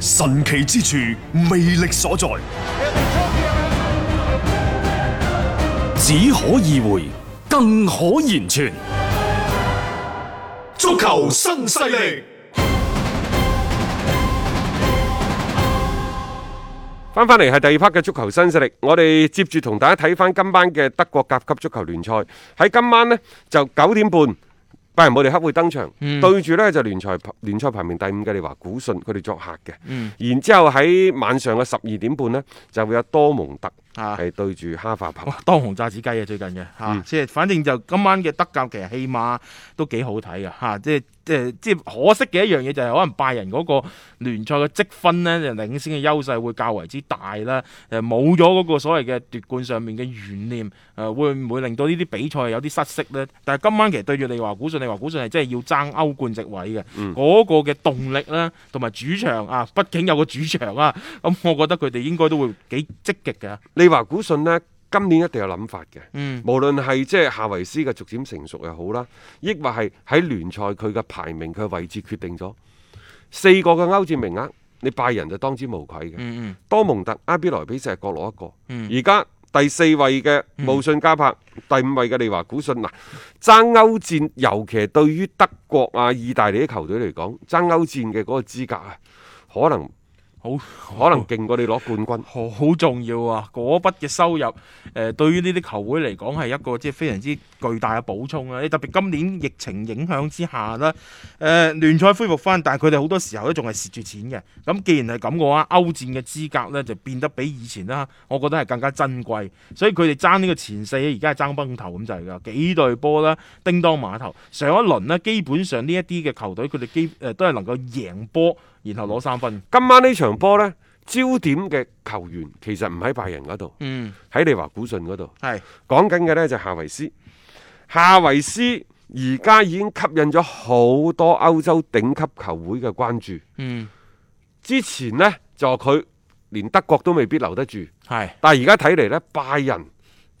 神奇之處，魅力所在，只可意會，更可言傳。足球新勢力，翻翻嚟係第二 part 嘅足球新勢力。我哋接住同大家睇翻今晚嘅德國甲級足球聯賽。喺今晚呢就九點半。拜仁慕尼黑會登場，嗯、對住咧就聯賽聯賽排名第五嘅利華古信，佢哋作客嘅，嗯、然之後喺晚上嘅十二點半咧就會有多蒙特。係、啊、對住哈弗伯當紅炸子雞啊，最近嘅嚇，即、啊、係、嗯、反正就今晚嘅德甲，其實起碼都幾好睇嘅嚇，即係即係即係可惜嘅一樣嘢就係可能拜仁嗰個聯賽嘅積分咧，人領先嘅優勢會較為之大啦。誒、啊，冇咗嗰個所謂嘅奪冠上面嘅懸念，誒、啊、會唔會令到呢啲比賽有啲失色咧？但係今晚其實對住你話股訊，利華古遜係真係要爭歐冠席位嘅嗰、嗯、個嘅動力啦，同埋主場啊，畢竟有個主場啊，咁、啊、我覺得佢哋應該都會幾積極嘅。利華古信咧，今年一定有諗法嘅。嗯，無論係即係夏維斯嘅逐漸成熟又好啦，亦或係喺聯賽佢嘅排名佢嘅位置決定咗四個嘅歐戰名額，你拜仁就當之無愧嘅。嗯嗯、多蒙特、阿比萊比錫各攞一個。而家、嗯、第四位嘅慕遜加柏，嗯、第五位嘅利華古信嗱，爭歐戰，尤其對於德國啊、意大利啲球隊嚟講，爭歐戰嘅嗰個資格啊，可能。好可能勁過你攞冠軍好好，好重要啊！嗰筆嘅收入，誒、呃，對於呢啲球會嚟講，係一個即係非常之巨大嘅補充啊！你特別今年疫情影響之下咧，誒、呃、聯賽恢復翻，但係佢哋好多時候咧仲係蝕住錢嘅。咁既然係咁嘅話歐戰嘅資格咧就變得比以前啦，我覺得係更加珍貴，所以佢哋爭呢個前四，而家係爭崩頭咁滯㗎。幾對波啦，叮噹馬頭上一輪咧，基本上呢一啲嘅球隊佢哋基誒都係能夠贏波，然後攞三分。今晚呢場波呢焦點嘅球員其實唔喺拜仁嗰度，喺、嗯、利華古遜嗰度。係講緊嘅呢就夏維斯，夏維斯而家已經吸引咗好多歐洲頂級球會嘅關注。嗯，之前呢就話佢連德國都未必留得住。係是，但係而家睇嚟呢，拜仁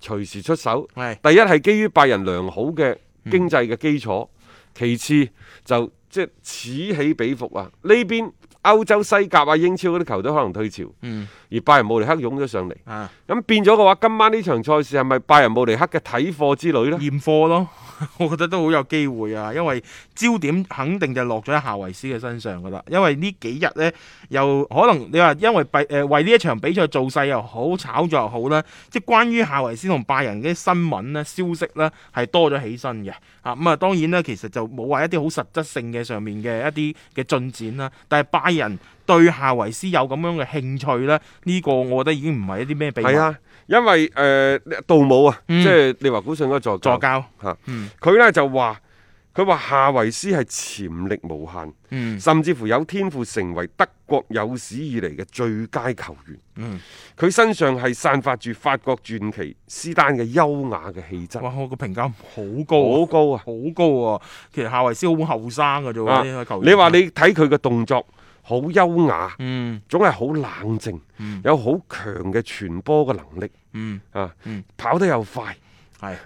隨時出手。係是，第一係基於拜仁良好嘅經濟嘅基礎，嗯、其次就即係、就是、此起彼伏啊呢邊。歐洲西甲啊，英超嗰啲球隊可能退潮，嗯、而拜仁慕尼黑湧咗上嚟，咁、啊、變咗嘅話，今晚呢場賽事係咪拜仁慕尼黑嘅睇貨之旅咧？驗貨咯，我覺得都好有機會啊，因為焦點肯定就落咗喺夏維斯嘅身上噶啦，因為呢幾日呢，又可能你話因為拜為呢一場比賽造勢又好，炒作又好啦，即係關於夏維斯同拜仁嘅新聞咧、消息呢，係多咗起身嘅，啊咁啊當然呢，其實就冇話一啲好實質性嘅上面嘅一啲嘅進展啦，但係拜人對夏維斯有咁樣嘅興趣呢，呢個我覺得已經唔係一啲咩秘密。係啊，因為誒，杜武啊，即係你話古上嗰座座教佢呢就話佢話夏維斯係潛力無限，甚至乎有天賦成為德國有史以嚟嘅最佳球員。佢身上係散發住法國傳奇斯丹嘅優雅嘅氣質。哇，我個評價好高，好高啊，好高啊！其實夏維斯好後生嘅啫喎，呢個球員。你話你睇佢嘅動作。好優雅，嗯，總係好冷靜，有好強嘅傳波嘅能力，嗯啊，跑得又快，係，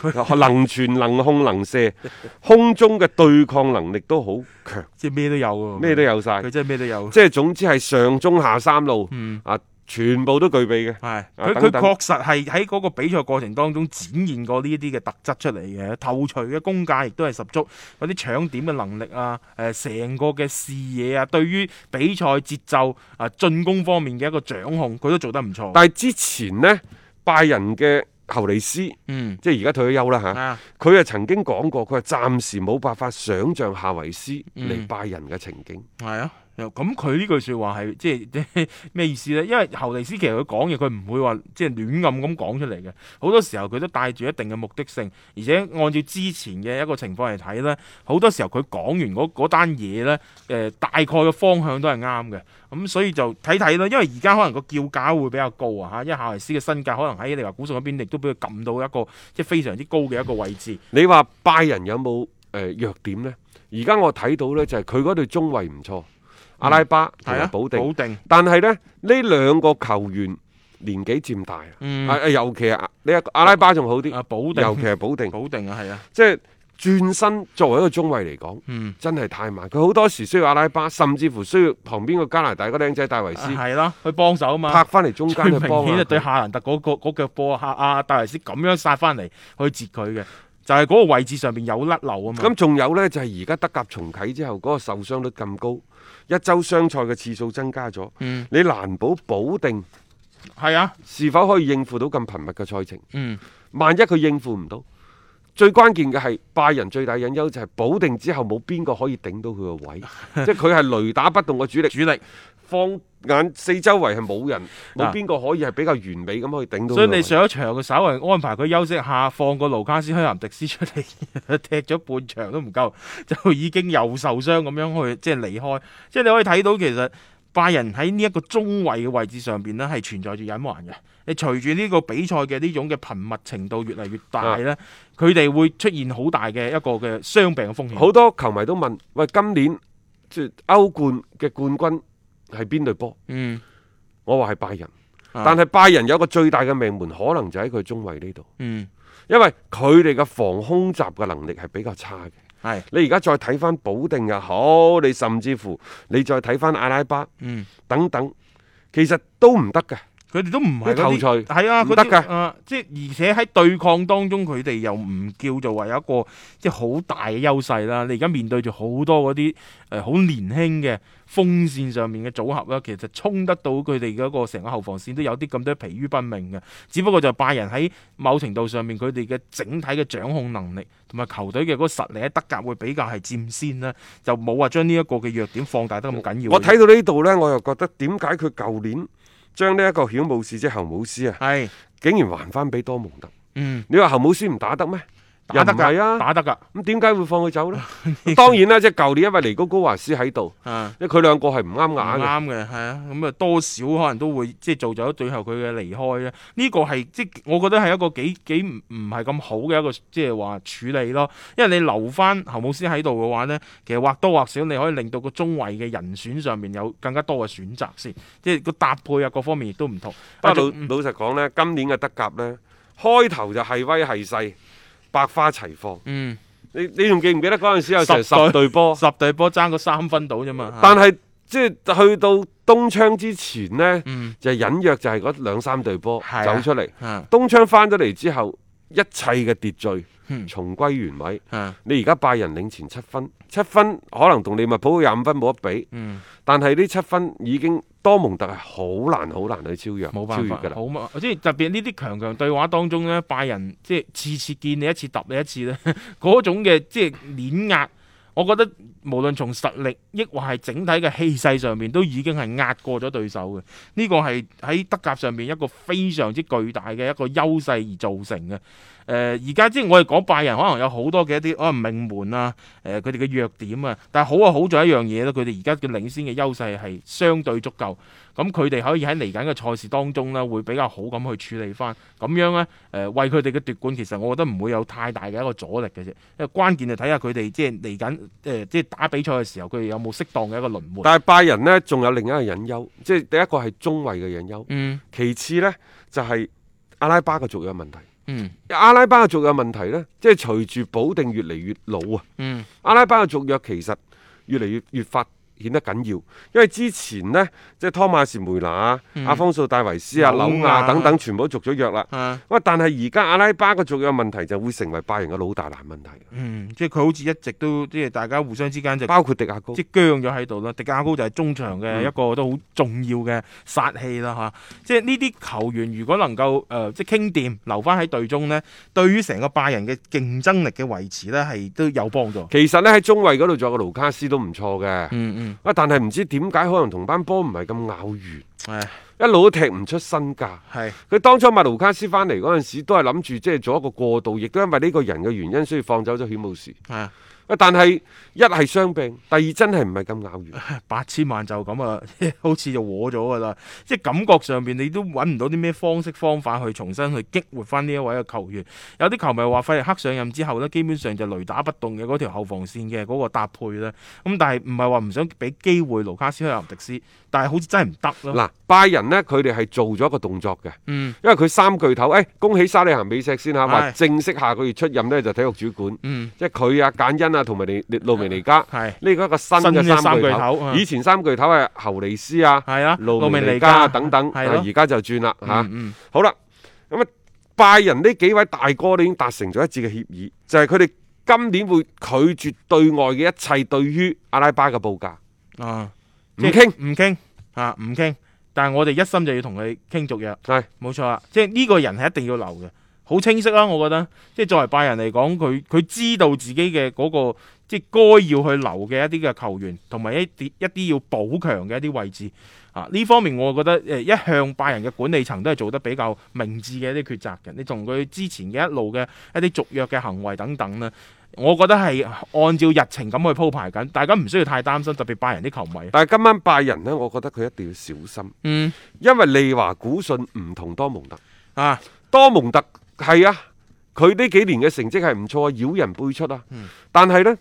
佢能傳能控能射，空中嘅對抗能力都好強，即係咩都有啊，咩都有晒，佢真係咩都有，即係總之係上中下三路，啊。全部都具備嘅，係佢佢確實係喺嗰個比賽過程當中展現過呢一啲嘅特質出嚟嘅，頭槌嘅功架亦都係十足，嗰啲搶點嘅能力啊，誒、呃、成個嘅視野啊，對於比賽節奏啊、呃、進攻方面嘅一個掌控，佢都做得唔錯。但係之前呢，拜仁嘅侯尼斯，嗯，即係而家退咗休啦嚇，佢啊的曾經講過，佢係暫時冇辦法想象夏維斯嚟拜仁嘅情景。係啊、嗯。的咁，佢呢句説話係即係咩意思咧？因為侯尼斯其實佢講嘢，佢唔會話即係亂噏咁講出嚟嘅。好多時候佢都帶住一定嘅目的性，而且按照之前嘅一個情況嚟睇咧，好多時候佢講完嗰單嘢咧，誒、大概嘅方向都係啱嘅。咁所以就睇睇咯，因為而家可能個叫價會比較高啊，嚇，因為夏維斯嘅身價可能喺你話股數嗰邊亦都俾佢撳到一個即係非常之高嘅一個位置。你話拜仁有冇誒、弱點咧？而家我睇到咧就係佢嗰對中衛唔錯。阿拉巴同埋保定，嗯啊、保定但係咧，呢兩個球員年紀漸大，啊、嗯、尤其係阿你阿阿拉巴仲好啲，啊保尤其係保定，保定啊係啊，即係轉身作為一個中衛嚟講，嗯、真係太慢，佢好多時需要阿拉巴，甚至乎需要旁邊個加拿大個靚仔戴維斯，係咯去幫手啊嘛，拍翻嚟中間去幫、那個、啊，對夏蘭特嗰個腳波，阿阿戴維斯咁樣殺翻嚟去截佢嘅。就係嗰個位置上面有甩漏啊嘛，咁仲有呢，就係而家德甲重啟之後嗰個受傷率咁高，一周雙賽嘅次數增加咗，嗯、你難保保定係啊，是否可以應付到咁頻密嘅賽程？嗯，萬一佢應付唔到，最關鍵嘅係拜仁最大隱憂就係保定之後冇邊個可以頂到佢個位， 即係佢係雷打不動嘅主力主力。主力眼四周圍係冇人，冇邊個可以係比較完美咁可以頂到。啊、所以你上一場嘅稍微安排佢休息下，放個盧卡斯希南迪斯出嚟踢咗半場都唔夠，就已經又受傷咁樣去即係離開。即係你可以睇到其實拜仁喺呢一個中衞嘅位置上邊呢係存在住隱患嘅。你隨住呢個比賽嘅呢種嘅頻密程度越嚟越大呢，佢哋、啊、會出現好大嘅一個嘅傷病嘅風險。好、啊、多球迷都問：喂，今年即係歐冠嘅冠軍？係邊隊波？嗯，我話係拜仁，啊、但係拜仁有個最大嘅命門，可能就喺佢中衛呢度。嗯，因為佢哋嘅防空閘嘅能力係比較差嘅。係，你而家再睇翻保定又好，你甚至乎你再睇翻阿拉巴，嗯，等等，其實都唔得嘅。佢哋都唔係嗰啲，係啊，唔得㗎。即係而且喺對抗當中，佢哋又唔叫做話有一個即係好大嘅優勢啦。你而家面對住好多嗰啲誒好年輕嘅風扇上面嘅組合啦，其實衝得到佢哋嗰個成個後防線都有啲咁多疲於奔命嘅。只不過就拜仁喺某程度上面，佢哋嘅整體嘅掌控能力同埋球隊嘅嗰個實力喺德甲會比較係佔先啦，就冇話將呢一個嘅弱點放大得咁緊要我。我睇到呢度咧，我又覺得點解佢舊年？將呢一個曉姆斯，即係侯姆斯啊，是竟然還翻俾多蒙特。嗯、你話侯姆斯唔打得咩？打得噶，啊、打得噶。咁點解會放佢走咧？ 當然啦，即係舊年因為尼高高華斯喺度，啊、因為佢兩個係唔啱眼啱嘅，係啊。咁啊、嗯，多少可能都會即係做咗最後佢嘅離開咧。呢、這個係即我覺得係一個幾幾唔唔係咁好嘅一個即係話處理咯。因為你留翻侯姆斯喺度嘅話咧，其實或多或少你可以令到個中衛嘅人選上面有更加多嘅選擇先，即係個搭配啊，各方面亦都唔同。但老老實講咧，今年嘅德甲咧，開頭就係威係勢。百花齊放。嗯，你你仲記唔記得嗰陣時有成十,十隊波， 十隊波爭個三分到啫嘛？嗯、但係即係去到東窗之前呢，嗯、就隱約就係嗰兩三隊波走出嚟。啊啊、東窗返咗嚟之後。一切嘅秩序，重歸原位。嗯、你而家拜仁領前七分，七分可能同利物浦廿五分冇得比。嗯、但係呢七分已經多蒙特係好難好難去超越，冇辦法超越㗎啦。即係特別呢啲強強對話當中呢，拜仁即係次次見你一次揼你一次呢嗰種嘅即係碾壓。我覺得無論從實力，抑或係整體嘅氣勢上面，都已經係壓過咗對手嘅。呢個係喺德甲上面一個非常之巨大嘅一個優勢而造成嘅。誒，而家即係我哋講拜仁，可能有好多嘅一啲可能命門啊，誒佢哋嘅弱點啊。但係好啊好，好在一樣嘢咯，佢哋而家嘅領先嘅優勢係相對足夠，咁佢哋可以喺嚟緊嘅賽事當中咧，會比較好咁去處理翻。咁樣咧，誒、呃、為佢哋嘅奪冠，其實我覺得唔會有太大嘅一個阻力嘅啫。因為關鍵就睇下佢哋即係嚟緊。誒、呃，即係打比賽嘅時候，佢哋有冇適當嘅一個輪換？但係拜仁呢，仲有另一個隱憂，即係第一個係中衛嘅隱憂。嗯，其次呢，就係、是、阿拉巴嘅續約問題。嗯，阿拉巴嘅續約問題呢，即係隨住保定越嚟越老啊。嗯，阿拉巴嘅續約其實越嚟越越發。顯得緊要，因為之前呢，即係托馬斯梅拿啊、嗯、阿方素戴維、戴維斯啊、紐亞等等，全部都續咗約啦。哇、啊！但係而家阿拉巴嘅續約問題就會成為拜仁嘅老大難問題。嗯，即係佢好似一直都即係大家互相之間就包括迪亞高，即係僵咗喺度啦。迪亞高就係中場嘅一個都好重要嘅殺器啦，吓、嗯！即係呢啲球員如果能夠誒、呃、即係傾掂留翻喺隊中呢，對於成個拜仁嘅競爭力嘅維持呢，係都有幫助。其實呢，喺中衛嗰度仲有個盧卡斯都唔錯嘅。嗯嗯。喂，但係唔知點解，可能同班波唔係咁咬弦，的一路都踢唔出身價。佢的當初麥盧卡斯翻嚟嗰陣時，都係諗住即係做一個過渡，亦都因為呢個人嘅原因，所以放走咗犬武士。但係一係傷病，第二真係唔係咁咬完。八千萬就咁啊，好似就和咗噶啦，即係感覺上邊你都揾唔到啲咩方式方法去重新去激活翻呢一位嘅球員。有啲球迷話費力克上任之後呢，基本上就雷打不動嘅嗰條後防線嘅嗰個搭配啦。咁但係唔係話唔想俾機會盧卡斯去林迪斯。但係好似真係唔得咯。嗱，拜仁呢，佢哋係做咗一個動作嘅，因為佢三巨頭，誒，恭喜沙利行美石先嚇，話正式下個月出任呢就體育主管，即係佢啊簡恩啊同埋路明尼加，呢個一個新嘅三巨頭。以前三巨頭係侯尼斯啊、路明尼加等等，而家就轉啦嚇。好啦，咁啊拜仁呢幾位大哥都已經達成咗一致嘅協議，就係佢哋今年會拒絕對外嘅一切對於阿拉巴嘅報價。啊！唔傾唔傾啊唔傾，但係我哋一心就要同佢傾續約，係冇錯啦。即係呢個人係一定要留嘅，好清晰啦、啊。我覺得，即係作為拜仁嚟講，佢佢知道自己嘅嗰、嗰個即係該要去留嘅一啲嘅球員，同埋一啲一啲要補強嘅一啲位置啊。呢方面我覺得誒，一向拜仁嘅管理層都係做得比較明智嘅一啲抉擇嘅。你同佢之前嘅一路嘅一啲續約嘅行為等等咧。我覺得係按照日程咁去鋪排緊，大家唔需要太擔心，特別拜仁啲球迷。但係今晚拜仁呢，我覺得佢一定要小心。嗯，因為利華古遜唔同多蒙特啊，多蒙特係啊，佢呢、啊、幾年嘅成績係唔錯啊，妖人輩出啊。嗯、但係呢，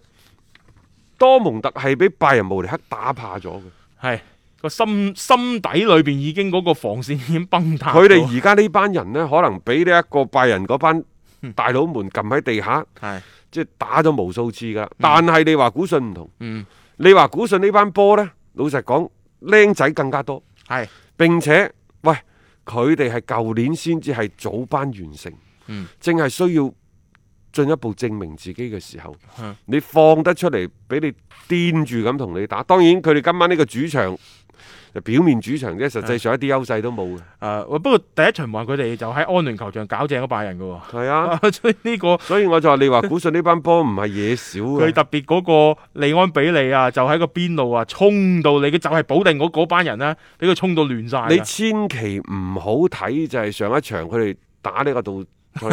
多蒙特係俾拜仁慕尼黑打怕咗嘅。係個心心底裏邊已經嗰個防線已經崩塌。佢哋而家呢班人呢，可能俾呢一個拜仁嗰班大佬們撳喺地下。係、嗯。即係打咗無數次噶，但係你話古遜唔同。嗯、你話古遜呢班波呢，老實講，僆仔更加多，係是並且，喂，佢哋係舊年先至係早班完成。嗯、正係需要進一步證明自己嘅時候，是你放得出嚟俾你癲住咁同你打，當然佢哋今晚呢個主場，表面主場啫，實際上一啲優勢都冇嘅。誒、呃，不過第一場話佢哋就喺安聯球場搞正嗰拜人嘅喎、哦。啊，啊，所以呢、這個 所以我就話你話，估上呢班波唔係嘢少佢特別嗰個利安比利啊，就喺個邊路啊，衝到你，佢就係、是、保定嗰嗰班人啦、啊，俾佢衝到亂晒。你千祈唔好睇就係上一場佢哋打呢個杜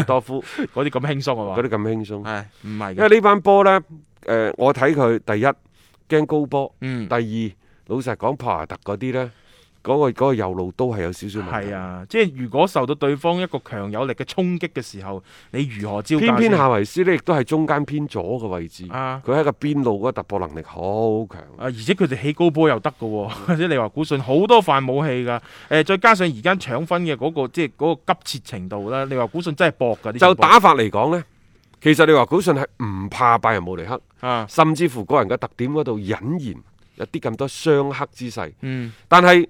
多夫嗰啲咁輕鬆啊嘛？嗰啲咁輕鬆係唔係？啊、因為班呢班波咧，誒、呃，我睇佢第一驚高波，嗯，第二。嗯老實講，帕華特嗰啲呢，嗰、嗰個、嗰個右路都係有少少問題。係啊，即係如果受到對方一個強有力嘅衝擊嘅時候，你如何招？偏偏夏維斯呢，亦都係中間偏左嘅位置。佢喺、啊、個邊路嗰個突破能力好強。啊，而且佢哋起高波又得噶、哦。或你話古信好多塊武器噶。誒，再加上而家搶分嘅嗰、嗰個即係個急切程度啦。你話古信真係搏噶。就打法嚟講呢，其實你話古信係唔怕拜仁慕尼黑，啊、甚至乎個人嘅特點嗰度隱然。有啲咁多雙黑之勢，嗯、但係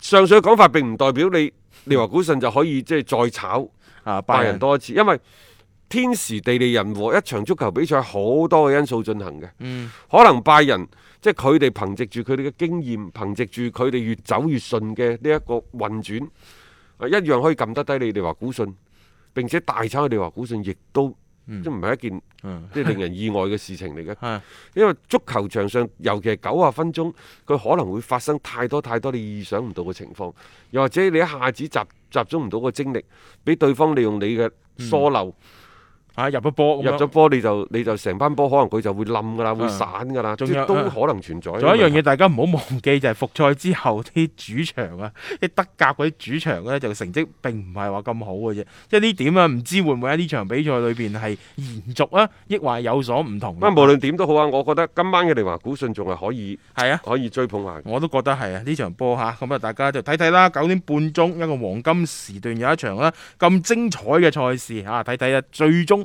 上述嘅講法並唔代表你利華古信就可以即係再炒啊拜仁多一次，啊、因為天時地利人和一場足球比賽好多嘅因素進行嘅，嗯、可能拜仁即係佢哋憑藉住佢哋嘅經驗，憑藉住佢哋越走越順嘅呢一個運轉，一樣可以撳得低你利華古信，並且大炒佢利華古信亦都。即唔係一件即令人意外嘅事情嚟嘅， 因為足球場上，尤其係九十分鐘，佢可能會發生太多太多你意想唔到嘅情況，又或者你一下子集集中唔到個精力，俾對方利用你嘅疏漏。嗯入咗波，樣入咗波，你就你就成班波可能佢就會冧噶啦，啊、會散噶啦，即係有都可能存在。仲有一樣嘢大家唔好忘記，就係、是、復賽之後啲主場啊，啲德甲嗰啲主場咧，就成績並唔係話咁好嘅啫。即係呢點啊，唔知會唔會喺呢場比賽裏邊係延續啊，抑或有所唔同？唔，無論點都好啊，我覺得今晚嘅利華古遜仲係可以，係啊，可以追捧下。我都覺得係啊，呢場波嚇咁啊，大家就睇睇啦。九點半鐘一個黃金時段，有一場啦，咁精彩嘅賽事嚇，睇睇啊，最終。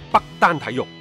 北單體育。